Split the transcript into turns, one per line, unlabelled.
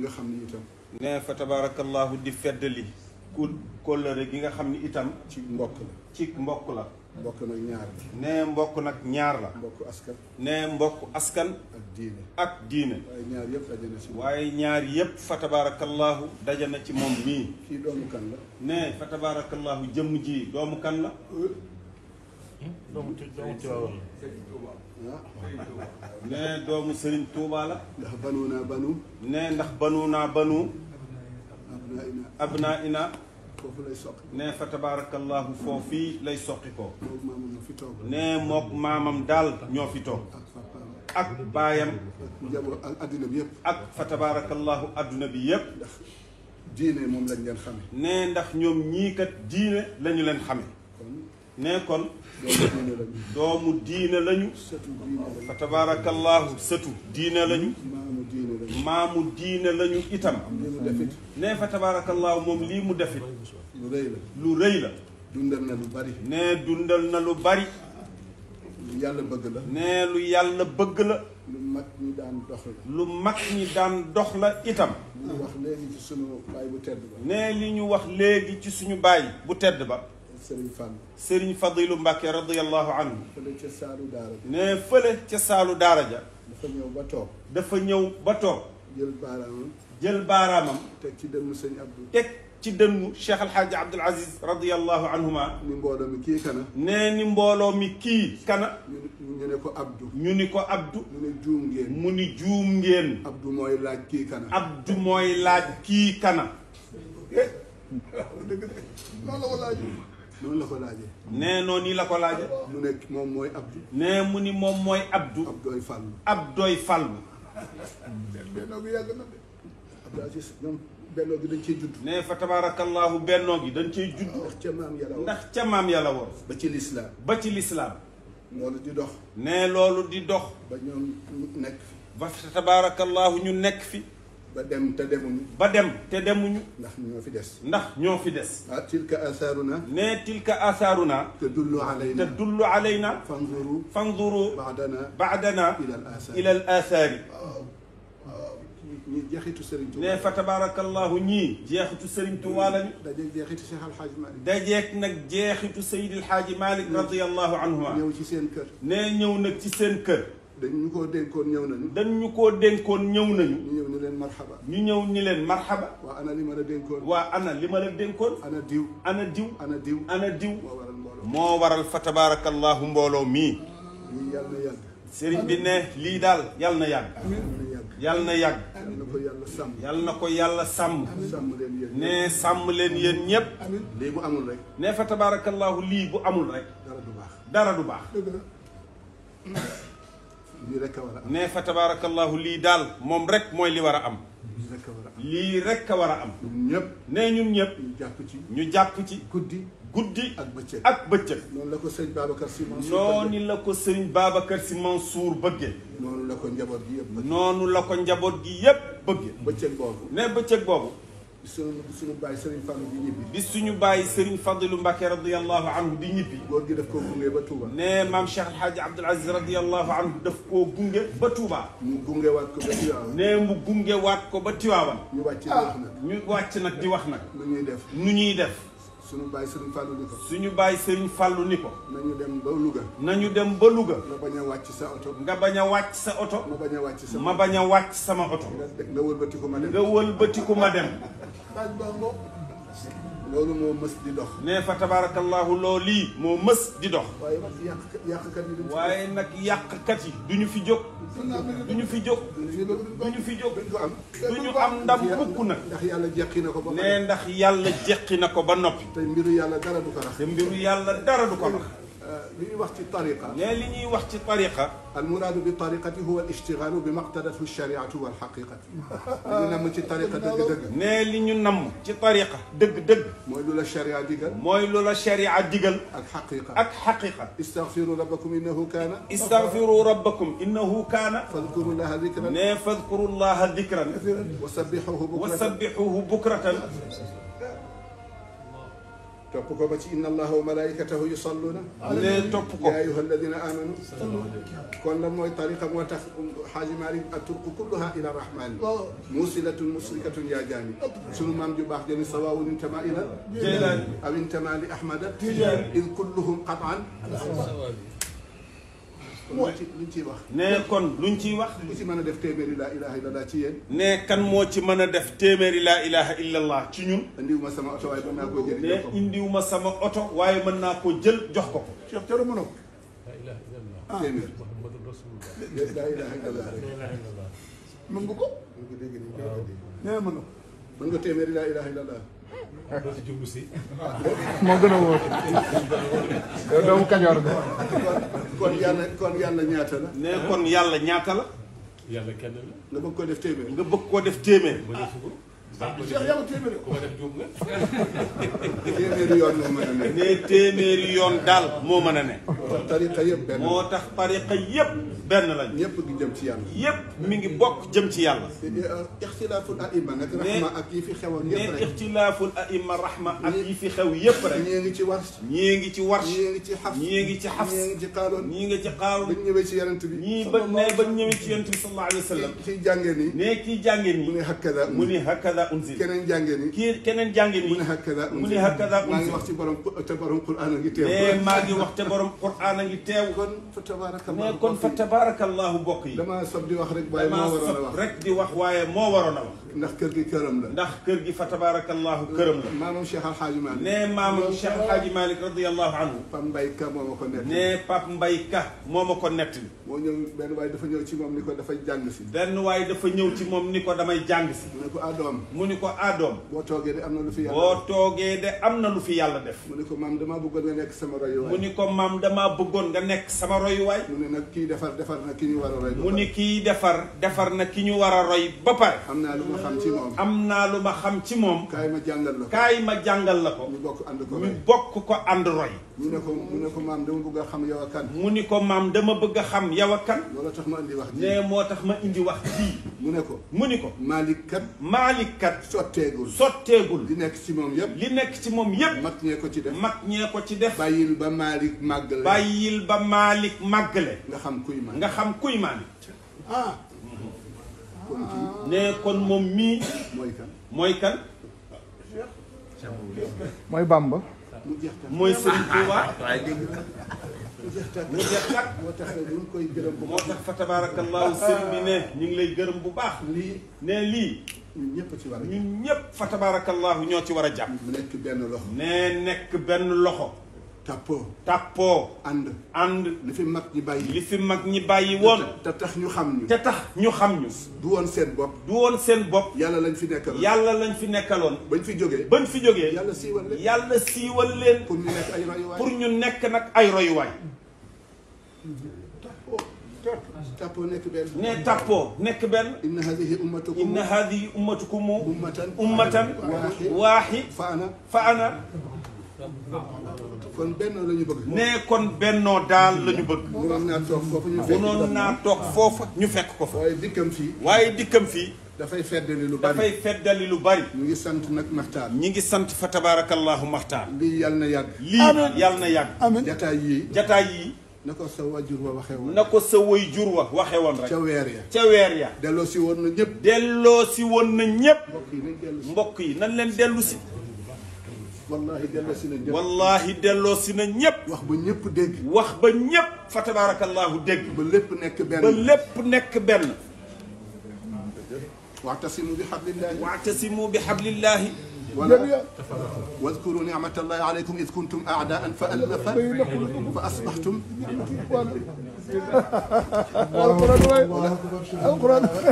nga xam ni itam ne fa tabaarakallaahu di feddali ku kóllëre gi nga xam ni itam ci mbokk la ci mbokk la mbokk nag ñaar mbokk nag ñaar la mbokk askan ne mbokk askan ak diine ak diine waaye ñaar yëpp waaye ñaar yëpp fa tabaarakallaahu daje na ci moom mii kii doomu kan la ne fa tabaarakallaahu jëmm ji doomu kan la hmm? ne doomu Serigne Touba la. ndax banu naa banu. ne ndax banu naa banu. ab naa foofu lay soqi. ne fa tabaarakallaahu foofii lay soqi ko. ne mook maamam daal ñoo fi toog. ak baayam. ak bi yëpp. ak fa tabaarakallaahu adduna bi yëpp. diine moom lañ leen xame. ne ndax ñoom ñiikat kat diine lañu leen xame. ne kon doomu diine lañu fa tabaarakallaahu sëtu diine lañu maamu diine lañu itam ne fa tabaarakallaahu moom lii mu defit lu rëy la lu bari ne dundal na lu bari lu yàlla bëgg la lu yàlla bëgg la lu mag ñi daan dox la lu mag ñi daan dox la itam li ñu wax léegi ci li ñu wax léegi ci suñu baay bu tedd ba Serigne Fadlu. Serigne Fadilu Mbacke radiyallahu anhu. fële ca Saalu Daara ja. ne fële ca Saalu Daara dafa ñëw ba toog. dafa ñëw ba toog. jël baaraamam. jël teg ci dënnu sëñ Abdou. teg ci dënnu Cheikh Alhaji Abdoul Aziz radiyallahu anhuma. ni nee ni mbooloo mi kii. kana. ñu ne ko Abdou. ñu ni ko Abdou. mu ni juum ngeen. mu mooy laaj kii kana. Abdou mooy laaj kii kana. noonu la ko laajee. nee noonu la ko laajee. mu ne moom mooy Abdou. nee mu ni moom mooy Abdou. Abdoy Fallou. Abdoy Fallou. bennoo gi yàgg na dañ cee judd. nee fa tabaarakallaahu bennoo yi dañ cee judd. ndax ca maam yàlla woon ndax ca maam yàlla woon. ba ci lislaam. ba ci lislaam. loolu di dox. nee loolu di dox. ba ñoom nekk. ba fa tabaarakallaahu ñu nekk fi. ba dem te demuñu. ba dem te demuñu. ndax ñoo fi des. ndax ñoo fi des. ah tilka asaaruna. nee tilka asaaruna. te dullu alayna te dullu alayna. fanzuru fanzuru. baadana baadana. ilal asaari ilal asaari. waaw waaw. ñi jeexitu Serigne Touba. nee fa tabaarakallahu ñii. jeexitu Serigne Touba lañu. dajeeg jeexitu Cheikh Al Hadj Malick. dajeeg nag jeexitu Seydil Hadj Malick. radiyallahu anhuma. ñëw ci seen kër. nee ñëw nag ci seen kër. dañ ñu koo dénkoon ñëw nañu. dañ ñu koo dénkoon ñëw nañu. leen marxaba. ñu ñëw ñu leen marxaba. waa ana li ma la dénkoon. waa ana li ma la dénkoon. ana diw. ana diw. ana diw. ana diw. moo waral mbooloo moo waral fa tabaarakallaahu mbooloo mii. lii bi ne lii daal yàlla na yàgg. yàlla na yàgg. na ko yàlla sàmm. yàlla na ko yàlla sàmm. sàmm leen ne sàmm leen yéen ñëpp. lii bu amul rek. ne fa tabaarakallaahu lii bu amul rek. du baax dara du baax nee fa tabaarakallaahu lii daal moom rek mooy li war a am. lii rek a war a am. ñëpp nee ñun ñëpp. ñu jàpp ci ñu jàpp ci. guddi guddi ak bëccëg ak bëccëg. noonu la ko sëñ Babacar Sy Mansour noonu la ko sëñ Babacar Sy Mansour bëggee. noonu la ko njaboot gi yëpp bëggee. noonu la njaboot gi yëpp bëggee. bëccëg boobu nee bëccëg boobu. suñu suñu bàyyi Serigne Fallou di ñibbi. bi suñu bàyyi Serigne Fadilou Mbacke radiyallahu anhu di ñibbi. góor gi daf koo gunge ba Touba. ne maam Cheikh El Hadj Abdoul Aziz radiyallahu anhu daf koo gunge ba Touba. mu ko ba gunge waat ko ba Tiwaawan. ñu wàcc di wax ah, wàcc nag di wax nag. nu ñuy def nu ñuy def. suñu bàyyi Serigne Fallou ni ko. suñu bàyyi Serigne Fallou ni ko. nañu dem ba Louga. nañu dem ba Louga. nga bañ a wàcc sa oto. nga bañ a wàcc sa oto. ma bañ a wàcc sama bañ a wàcc sama oto. nga wëlbatiku ma dem nga wëlbatiku ma dem laaj baa ngoog loolu moo di dox. nee fa tabaarakallaahu loolii moo mës di dox. waaye nag yàqkat yi duñ waaye nag yàqkat yi duñu fi jóg. duñu fi jóg. duñu fi jóg duñu ñu duñu am ndam mukk nag. ndax yàlla jeqi na ko ba. nee ndax yàlla jeqi na ko ba noppi. te mbiru yàlla dara du ko rax. te mbiru yàlla dara du ko rax. li ñuy wax ci tariqa. ne li ñuy wax ci tariqa. al muraadu bi tariqati huwa al ishtigaalu bi maqtadathu shariatu wal xaqiqati. li ñu namm ci tariqa dëgg-dëgg. ne li ñu namm ci tariqa dëgg-dëgg. mooy lu la sharia digal. mooy lu la sharia digal. ak xaqiqa ak xaqiqa. istagfiru rabbakum innahu kaana. istagfiru rabbakum innahu kaana. fadkuru llaha dikran. ne fadkuru llaha dikran. wa sabbixuhu bukratan. topp ko ba ci inna allaha wa malaikatahu yusalluna ale topp ko yaa ayuha alladina amanu kon la mooy tariqa moo tax xaaji malik aturqu kulluha ila rahmani musilatun musrikatun yaa jaami sunu maam ju baax jëni sawawun intama ila jeylaani aw intama li ahmada id kulluhum qatan mooy luñ ciy wax. ne kon luñ ciy wax. ku ci mën a def téeméeri laa ilaha illallah ci yéen. ne kan moo ci mën a def téeméeri laa ilaha illallah ci ñun. indiwuma sama oto waaye mën naa koo jël jox ko indiwuma sama oto waaye mën naa koo jël jox ko ko. Cheikh Thioro mënoo ko. ah téeméer. laa ilaha illallah mën nga ko. mën nga téeméeri laa ilaha illallah. moo gën a wóor. yow doomu kajoor nga. kon yàlla kon yàlla ñaata la. nee kon yàlla ñaata la. yàlla kenn la. nga bëgg koo def téeméer. nga bëgg koo def téeméer. Cheikh yàlla téeméeri ko def juum nga. yoon moo mën daal moo mën ne. tariqa yëpp moo tax tariqa yëpp benn lañ. ñëpp gi jëm ci yàlla. yëpp mi ngi bokk jëm ci yàlla. Euh, ixtilaaful aima nag rahma ak yi fi xewoon yëpp rek. nee ixtilaaful aima rahma ak yi fi xew yëpp rek. ñii ngi ci warsh. ñii ngi ci warsh. ñii ngi ci xafs. ñii ci xafs. ñii ngi ci xaaroon. ñii ci xaaroon. bi. ñii ba ne ci yonent bi sallallahu nii. nee kii jàngee nii. mu ne hakkada hakada unzil keneen jàngee ni kii keneen jàngee ni mu ne hakada unzil mu ne hakada unzil maa ngi wax ci borom te borom qur'aan a ngi teew mais maa ngi wax te borom qur'aan a ngi teew kon fa tabarakallahu mais kon fa tabarakallahu bokk yi damaa sob di wax rek waaye moo waroon a wax rek di wax waaye moo waroon a wax ndax kër gi këram la ndax kër gi fa tabarakallahu këram la maamam Cheikh Alhaaji Malick ne maamam Cheikh Alhaaji Malick radiallahu anhu Pape Mbaye Ka moo ma ko nett ne Pape Mbaye Ka moo ma ko nett moo ñëw benn waaye dafa ñëw ci moom ni ko dafay jàng si benn waaye dafa ñëw ci moom ni ko damay jàng si mu ne ko adoom ah, mu ni ko aadoom boo toogee de am na lu fi yàlla boo toogee de am na lu fi yàlla def mu ni ko maam damaa bëggoon nga nekk sama royuwaay mu ni ko maam damaa bëggoon nga nekk sama royuwaay mu ni nag kii defar defar na ki ñu war a roy mu ni kii defar defar na ki ñu war a roy ba pare am naa lu ma xam ci moom am naa lu ma xam ci moom kaay ma jàngal la ko kaay ma jàngal la ko ñu bokk ànd ko ñu bokk ko ànd roy mu ne ko mu ne ko maam dama bëgg a xam yow a kan mu ni ko maam dama bëgg a xam yow a kan loolu tax ma indi wax ne moo tax ma indi wax ji mu ne ko mu ni ko maalik kat maalik kat sotteegul sotteegul li nekk ci moom yëpp li nekk ci moom yëpp mag ñee ko ci def mag ñee ko ci def bàyyil ba maalik màggale bàyyil ba maalik màggale nga xam kuy maan nga xam kuy maan ah kon ne kon moom mii mooy kan mooy kan mooy Bamba mooy Sëriñ Tuuba mu jeex tàkk mu jeex tàkk moo ñu koy gërëm bu moo tax fa tabaarakallaahu sëriñ bi ne ñu ngi lay gërëm bu baax ne lii ñun ñëpp ci war a ñun ñëpp fa tabaarakallaahu ñoo ci war a jàpp. mu nekk benn loxo. nee nekk benn loxo. tàppoo tàppoo. ànd ànd. li fi mag ñi bàyyi. li fi mag ñi bàyyi woon. te tax ñu xam ñu. te tax ñu xam ñu. du woon seen bopp. du woon seen bopp. yàlla lañ fi nekkaloon. yàlla lañ fi nekkaloon. bañ fi jógee. bañ fi jógee. yàlla siiwal leen. yàlla siiwal leen. pour ñu nekk ay royuwaay. ñu nekk nag ay royuwaay. tàppoo. tappoo nekk benn ne tappoo nekk benn inna hadihi ummatukum inna ummatan ummatan waaxi fa ana fa ana kon bennoo la ñu bëgg ne kon bennoo daal la ñu bëgg munoon naa toog foofu ñu fekk ko fa waaye dikkam fii waaye dikkam fii dafay feddali lu bari lu bari ñu ngi sant nag maxtaar ñi ngi sant fa tabaarakallahu maxtaar lii yàlla na yàgg lii yàlla na yàgg jataay yii na ko sa wajur wa waxee woon. na ko sa wajur wa waxee ca weer ya ca weer ya. delloo si woon na ñëpp. delloo si woon na ñëpp. mbokk yi nan leen dellu si. wallahi delloo si na ñëpp wallahi delloo si na ñëpp. wax ba ñëpp dégg. wax ba ñëpp fa tabaarakallaahu dégg. ba lépp nekk benn ba lépp nekk benn. waatasimu bi bi xablillahi. ولا واذكروا نعمة الله عليكم إذ كنتم أعداء فألف فأصبحتم الله أكبر القرآن